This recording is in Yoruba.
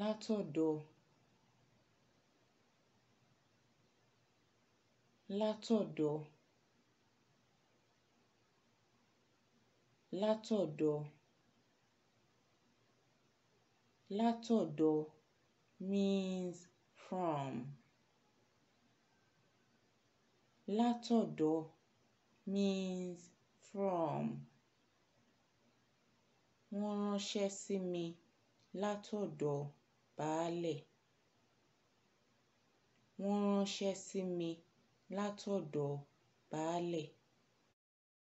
látọ̀dọ̀ látọ̀dọ̀ látọ̀dọ̀ látọ̀dọ̀ means from látọ̀dọ̀ means from wọ́n ránṣẹ́ sí mi látọ̀dọ̀ baálé wọ́n ránṣẹ́ sí mi látọ̀dọ̀ baálé